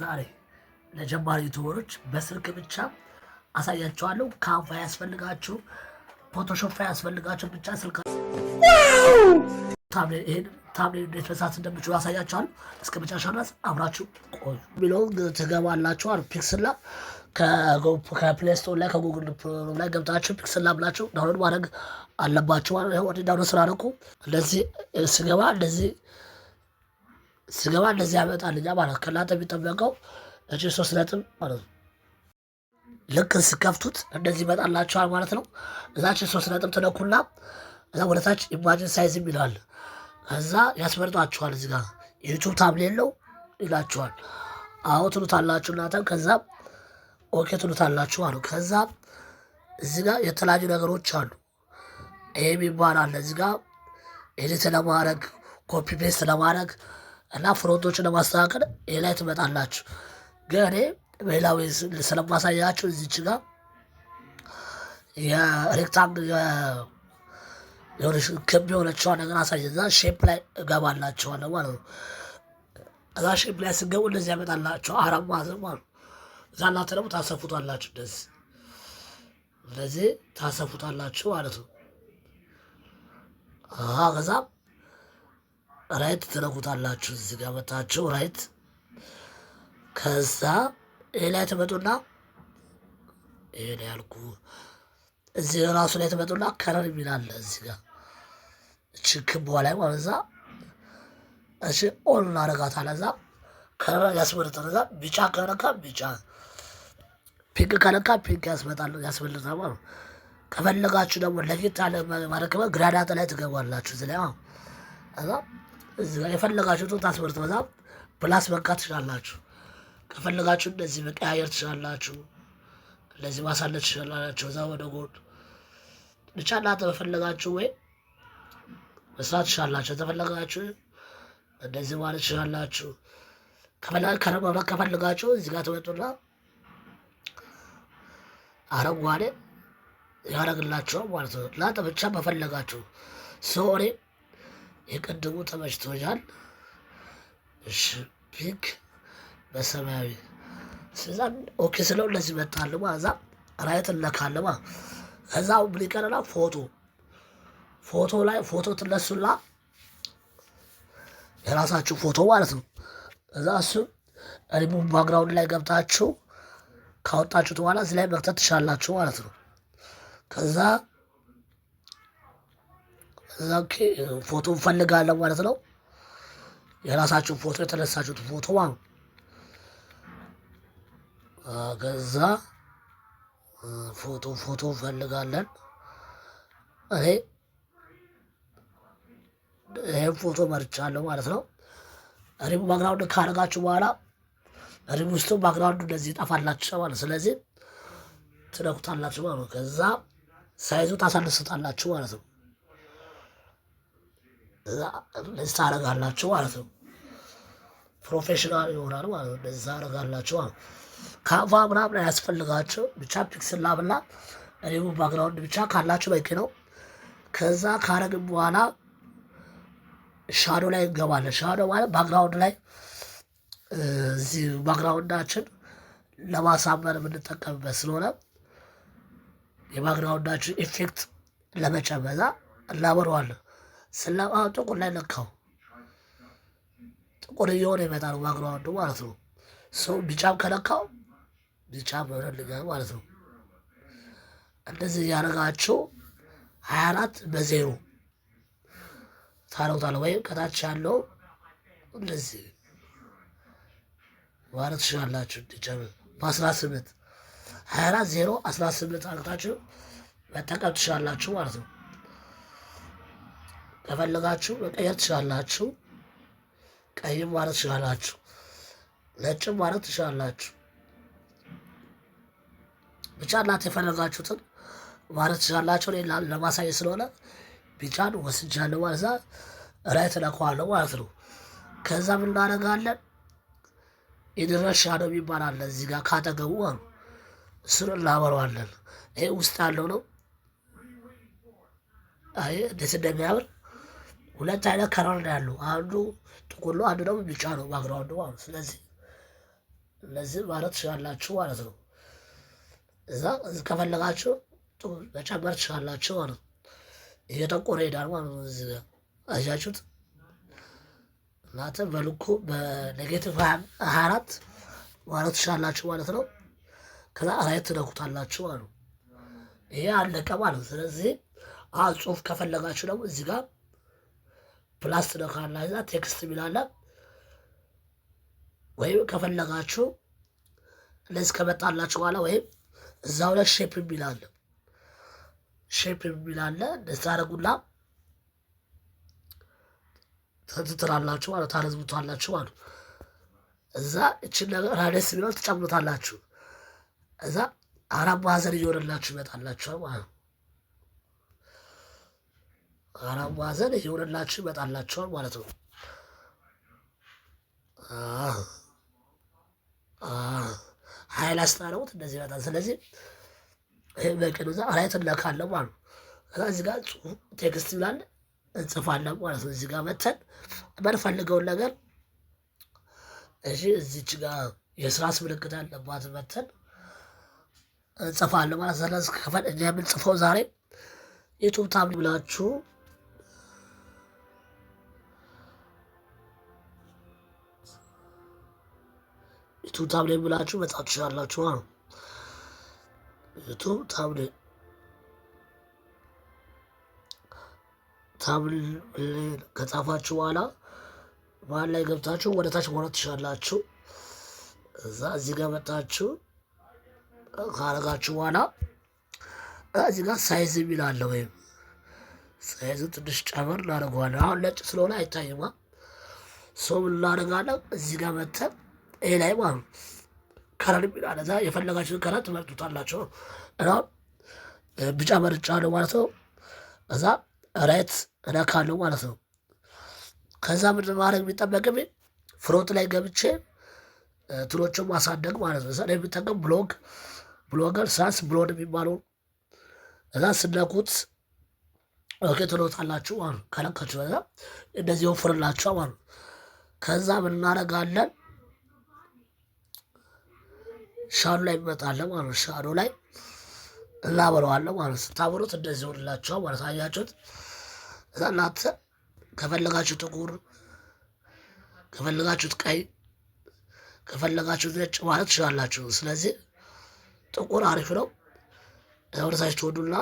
ዛሬ ለጀማሪ ዩቱበሮች በስልክ ብቻ አሳያቸዋለሁ። ካንቫ ያስፈልጋችሁ፣ ፎቶሾፕ ያስፈልጋችሁ ብቻ ስልክ ታምሌ እንዴት መስራት እንደምችሉ አሳያችኋለሁ። እስከ መጨረሻ ድረስ አብራችሁ ቆዩ። የሚለውን ትገባላችሁ። አሉ ፒክስላ ከፕሌስቶር ላይ ከጉግል ላይ ገብታችሁ ፒክስላ ብላችሁ ዳውንሎድ ማድረግ አለባችሁ። ዳውንሎድ ስላደረኩ እንደዚህ ስገባ እንደዚህ ስገባ እንደዚህ ያመጣልኛ ማለት ነው። ከእናንተ የሚጠበቀው እጅ ሶስት ነጥብ ማለት ነው። ልክ ስከፍቱት እንደዚህ ይመጣላቸዋል ማለት ነው። እዛችን ሶስት ነጥብ ትነኩና እዛ ወደታች ኢማጅን ሳይዝ ይለዋል። ከዛ ያስመርጧቸዋል። እዚህ ጋር ዩቱብ ታብል የለው ይላቸዋል። አዎ ትሉታላችሁ እናንተም። ከዛ ኦኬ ትሉታላችሁ አሉ። ከዛ እዚህ ጋር የተለያዩ ነገሮች አሉ። ይህም ይባላል እዚህ ጋር ኤዲት ለማድረግ ኮፒ ፔስት ለማድረግ እና ፍሮንቶችን ለማስተካከል ይሄ ላይ ትመጣላችሁ። ግን እኔ በሌላዊ ስለማሳያችሁ እዚች ጋር የሬክታንግል ክብ የሆነችዋ ነገር አሳየ። እዛ ሼፕ ላይ እገባላችኋለሁ ማለት ነው። እዛ ሼፕ ላይ ስገቡ እንደዚህ ያመጣላችሁ አራት ማዕዘን ማለት ነው። እዛ እናንተ ደግሞ ታሰፉታላችሁ እንደዚህ እንደዚህ ታሰፉታላችሁ ማለት ነው። ከዛም ራይት ትነኩታላችሁ። እዚህ ጋር መታችሁ ራይት። ከዛ ይሄ ላይ ትመጡና ይህን ያልኩ እዚህ ራሱ ላይ ትመጡና ከረር የሚላለ እዚህ ጋር እቺ ክቧ ላይ ማለት እዛ እሺ ኦን እናደርጋታለን። እዛ ከረር ያስመርጠን። እዛ ቢጫ ከነካ ቢጫ፣ ፒንክ ከነካ ፒንክ ያስመጣል ያስመልጣል ማለት ነው። ከፈለጋችሁ ደግሞ ለፊት ያለ ማረከበ ግራዳት ላይ ትገባላችሁ እዚህ ላይ እዛ የፈለጋችሁትን ታስበር በዛ ፕላስ መጋት ትችላላችሁ። ከፈለጋችሁ እንደዚህ መቀያየር ትችላላችሁ። እንደዚህ ማሳለፍ ትችላላችሁ። እዛ ወደ ጎን ብቻ እናንተ በፈለጋችሁ ወይ መስራት ትችላላችሁ። ተፈለጋችሁ እንደዚህ ማለት ትችላላችሁ። ከፈለጋችሁ እዚህ ጋር ትመጡና አረንጓዴ ያደረግላችኋል ማለት ነው። እናንተ ብቻ በፈለጋችሁ ሰው እኔ የቀድሞ ተመችቶኛል። እሺ ፒንክ በሰማያዊ ስለዛን ኦኬ ስለው እንደዚህ መጣልማ እዛ ራይት እነካልማ እዛ ብሊቀርና ፎቶ ፎቶ ላይ ፎቶ ትነሱና የራሳችሁ ፎቶ ማለት ነው። እዛ እሱ ሪሙቭ ባግራውንድ ላይ ገብታችሁ ካወጣችሁት በኋላ እዚህ ላይ መክተት ትሻላችሁ ማለት ነው ከዛ ፎቶ እንፈልጋለን ማለት ነው። የራሳችሁን ፎቶ የተነሳችሁት ፎቶ ማለት ገዛ ፎቶ ፎቶ እንፈልጋለን። እኔ ይህም ፎቶ መርጫለሁ ማለት ነው። ሪሙ ባክግራውንድ ካረጋችሁ በኋላ ሪሙ ውስጡ ባክግራውንዱ እንደዚህ ይጠፋላችሁ ማለት ስለዚህ ትነኩታላችሁ ማለት ነው። ከዛ ሳይዙ ታሳልስታላችሁ ማለት ነው። እንደዚህ ታደርጋላችሁ ማለት ነው። ፕሮፌሽናል ይሆናል ማለት ነው። እንደዚህ ታደርጋላችሁ ማለት ነው። ካቫ ምናምን ያስፈልጋቸው ብቻ ፒክስል ላብና እንዲሁ ባክግራውንድ ብቻ ካላችሁ በቂ ነው። ከዛ ካረግን በኋላ ሻዶ ላይ እንገባለን። ሻዶ ማለት ባክግራውንድ ላይ እዚህ ባክግራውንዳችን ለማሳመር የምንጠቀምበት ስለሆነ የባክግራውንዳችን ኢፌክት ለመጨመዛ እናበረዋለን። ስላም ጥቁር ላይ ለካው ጥቁር እየሆነ ይመጣል ባክግራውንዱ ማለት ነው። ሰው ቢጫም ከለካው ቢጫም ይሆንልኛል ማለት ነው። እንደዚህ እያደረጋችሁ ሀያ አራት በዜሮ ታረውታለ ወይም ከታች ያለው እንደዚህ ማለት ትችላላችሁ። በአስራ ስምንት ሀያ አራት ዜሮ አስራ ስምንት አቅታችሁ መጠቀም ትችላላችሁ ማለት ነው። ከፈለጋችሁ መቀየር ትችላላችሁ። ቀይም ማለት ትችላላችሁ። ነጭም ማለት ትችላላችሁ። ብቻ እናት የፈለጋችሁትን ማለት ትችላላችሁ። ለማሳየት ስለሆነ ቢጫን ወስጃለሁ ማለት እዛ ራይት እለካዋለሁ ማለት ነው። ከዛ ምን እናደርጋለን? የድረሻ ነው የሚባል አለ እዚህ ጋር ካጠገቡ አሉ። እሱን እናበረዋለን። ይሄ ውስጥ ያለው ነው። አይ እንዴት እንደሚያምር ሁለት አይነት ከለር ነው ያለው። አንዱ ጥቁር ነው፣ አንዱ ደግሞ ቢጫ ነው ባግራውንዱ ማለት። ስለዚህ እነዚህ ማለት ትችላላችሁ ማለት ነው። እዛ እዚህ ከፈለጋችሁ መጨመር ትችላላችሁ ማለት ነው። እየጠቆረ ሄዳል ማለት ነው። እዚህ አያችሁት? እናተ በልኩ በኔጌቲቭ ሀያ አራት ማለት ትችላላችሁ ማለት ነው። ከዛ ራይት ትነኩታላችሁ ማለት ነው። ይሄ አለቀ ማለት ነው። ስለዚህ አሁን ጽሁፍ ከፈለጋችሁ ደግሞ እዚህ ጋር ፕላስ ዛ ቴክስት የሚላለ ወይም ከፈለጋችሁ እነዚህ ከመጣላችሁ በኋላ ወይም እዛው ላይ ሼፕ የሚላለ ሼፕ የሚላለ እንደዚያ አደረጉና ትትራላችሁ ማለት ታረዝሙታላችሁ ማለት እዛ እችን ነገር ራደስ የሚለው ትጨምታላችሁ። እዛ አራት ማዕዘን እየሆነላችሁ ይመጣላችኋል ማለት ነው። አራት ማዕዘን ይሆንላችሁ ይመጣላችኋል ማለት ነው። ሀይል አስተላለፉት እንደዚህ ይመጣል። ስለዚህ ይህ በቅን ዛ ሀይት እንለካለን ማለት ነው። እና እዚህ ጋር ቴክስት ይላል እንጽፋለን ማለት ነው። እዚህ ጋር መተን የምንፈልገውን ነገር እሺ፣ እዚች ጋር የስራስ ምልክት ያለባት መተን እንጽፋለን ማለት ስለዚህ ከፈል እኛ የምንጽፈው ዛሬ ዩቱብ ታብ ብላችሁ ዩቱብ ታብሌት ብላችሁ መጻፍ ትችላላችሁ ማለት ነው። ዩቱብ ታብሌት ታብሌት ከጻፋችሁ በኋላ መሀል ላይ ገብታችሁ ወደ ታች መሆነ ትችላላችሁ። እዛ እዚህ ጋር መጣችሁ ካረጋችሁ በኋላ እዚህ ጋር ሳይዝ የሚላለ ወይም ሳይዝ ትንሽ ጨመር እናደርገዋለን። አሁን ነጭ ስለሆነ አይታይማ። ሰው ምን እናደርጋለን? እዚህ ጋር መተን ይሄ ላይ ማለት ከረር የሚል የፈለጋችሁን ከረር ትመርጡታላችሁ። እና ቢጫ ነው ማለት ነው። እዛ ራይት እነካለሁ ማለት ነው። ከዛ ምንድን ማድረግ የሚጠበቅብኝ ፍሮንት ላይ ገብቼ ትኖችን ማሳደግ ማለት ነው። እዛ የሚጠቀም ብሎግ ብሎገር ሳንስ ብሎድ የሚባለው እዛ ስነኩት ኦኬ ትሎታላችሁ ማለት ነው። ከለካችሁ እዛ እንደዚህ ወፍርላችኋል ማለት ነው። ከዛ ምን እናደርጋለን ሻሉ ላይ ይመጣለ ማለት ነው። ሻሉ ላይ እናበረዋለ ማለት ነው። ታበሉት እንደዚህ ሆንላቸዋል ማለት አያችሁት። እዛ እናንተ ከፈለጋችሁ ጥቁር፣ ከፈለጋችሁት ቀይ፣ ከፈለጋችሁት ነጭ ማለት ትችላላችሁ። ስለዚህ ጥቁር አሪፍ ነው። ወደታች ትወዱና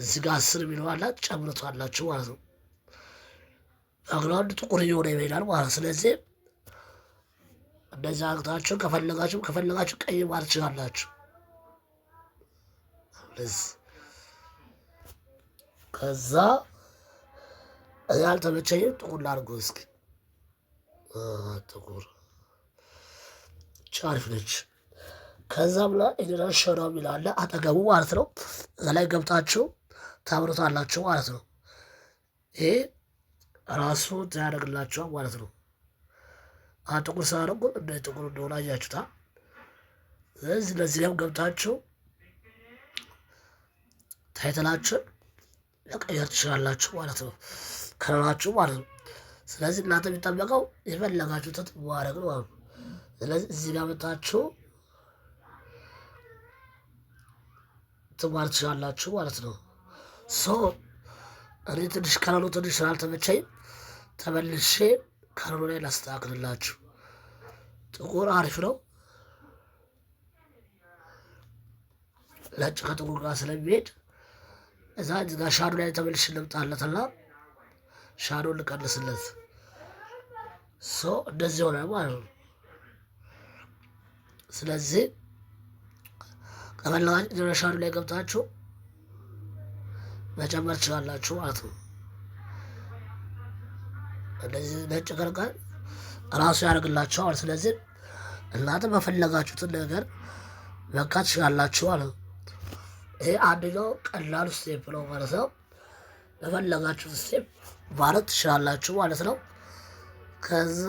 እዚህ ጋር አስር የሚለዋላት ጨምርቷላችሁ ማለት ነው። ባግራውንድ ጥቁር እየሆነ ይሄዳል ማለት ስለዚህ እንደዚህ አርግታችሁ ከፈለጋችሁ ከፈለጋችሁ ቀይ ማር ትችላላችሁ። ከዛ እኔ አልተመቸኝም፣ ጥቁር ላድርጎ እስኪ ጥቁር ቻሪፍ ነች። ከዛ ብላ ኢንራ ሸራ ሚላለ አጠገቡ ማለት ነው። እዛ ላይ ገብታችሁ ታብረታላችሁ ማለት ነው። ይሄ ራሱ ያደርግላችኋል ማለት ነው። ጥቁር ሳረጉ እንደ ጥቁር እንደሆነ አያችሁታ። ስለዚህ ለዚህም ገብታችሁ ታይተላችሁ መቀየር ትችላላችሁ ማለት ነው፣ ከለራችሁ ማለት ነው። ስለዚህ እናንተ የሚጠበቀው የፈለጋችሁትን ማድረግ ነው ማለት ነው። ስለዚህ እዚህ ጋር መታችሁ ትማር ትችላላችሁ ማለት ነው። ሶ እኔ ትንሽ ከለሉ ትንሽ ስላልተመቸኝ ተመልሼ ከርብ ላይ ላስተካክልላችሁ። ጥቁር አሪፍ ነው። ነጭ ከጥቁር ጋር ስለሚሄድ እዛ ጋር ሻዶ ላይ ተመልሽ ልምጣለትና ሻዶ ልቀንስለት። ሶ እንደዚህ ሆነ ማለት ነው። ስለዚህ ከፈለጋችሁ ሻዶ ላይ ገብታችሁ መጨመር ትችላላችሁ ማለት ነው። እነዚህ ነጭ ገርጋር ራሱ ያደርግላቸዋል። ስለዚህ እናንተ በፈለጋችሁትን ነገር መጋት ትችላላችኋል። ይህ አንደኛው ቀላሉ ስቴፕ ነው ማለት ነው። በፈለጋችሁት ስቴፕ ማለት ትችላላችሁ ማለት ነው። ከዛ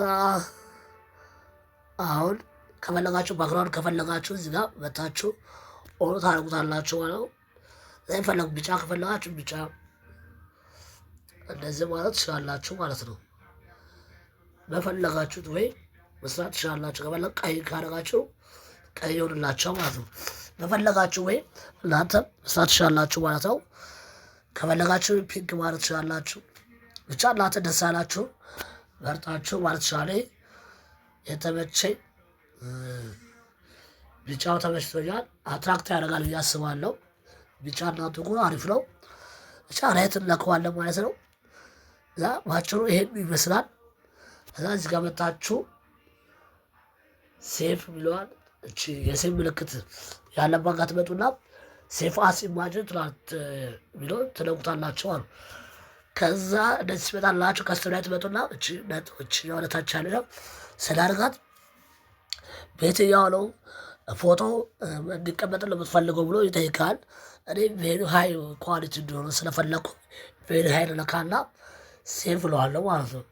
አሁን ከፈለጋችሁ ባክግራውንድ ከፈለጋችሁ እዚህ ጋር መታችሁ ኦሮ ታደርጉታላችሁ ማለት ነው። ፈለጉ ቢጫ ከፈለጋችሁ ቢጫ እንደዚህ ማለት ትችላላችሁ ማለት ነው። በፈለጋችሁት ወይ መስራት ትችላላችሁ። ከበለ ቀይ ካደረጋችሁ ቀይ ይሆንላቸው ማለት ነው። በፈለጋችሁ ወይ እናንተ መስራት ትችላላችሁ ማለት ነው። ከፈለጋችሁ ፒንክ ማለት ትችላላችሁ። ብቻ እናንተ ደስ ያላችሁ መርጣችሁ ማለት ትችላለ። የተመቸኝ ቢጫው ተመችቶኛል። አትራክት ያደርጋል ብዬ አስባለሁ። ቢጫ እና ጥቁሩ አሪፍ ነው። ብቻ ራይት እንለከዋለን ማለት ነው። ዛ ባጭሩ ይሄን ይመስላል። ከዛ እዚህ ጋር መጣችሁ ሴፍ ብለዋል። እቺ የሴፍ ምልክት ያለባት ጋር ትመጡና ሴፍ አስ ኢማጅን ትላት ቢለው ትለቁታላቸው አሉ። ከዛ እንደዚህ ትመጣላችሁ። ከስተ ላይ ትመጡና እቺ የሆነታች ያለ ስለ አድርጋት በየትኛው ነው ፎቶ እንዲቀመጥ ለምትፈልገው ብሎ ይጠይቃል። እኔ ቬሪ ሀይ ኳሊቲ እንዲሆነ ስለፈለግኩ ቬሪ ሀይ ልለካና ሴፍ ለዋለው ማለት ነው።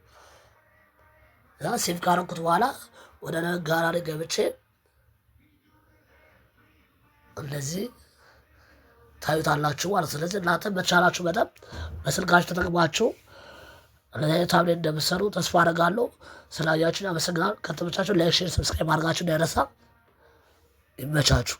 እዛ ሴፍ ካረኩት በኋላ ወደ ጋራሪ ገብቼ እንደዚህ ታዩታላችሁ ማለት። ስለዚህ እናንተ በቻላችሁ በጣም በስልካችሁ ተጠቅማችሁ ታብሌት እንደምትሰሩ ተስፋ አደርጋለሁ። ስላያችሁን ያመሰግናል። ከተመቻችሁ ላይክ፣ ሼር፣ ሰብስክራይብ አድርጋችሁ እንዳይረሳ። ይመቻችሁ።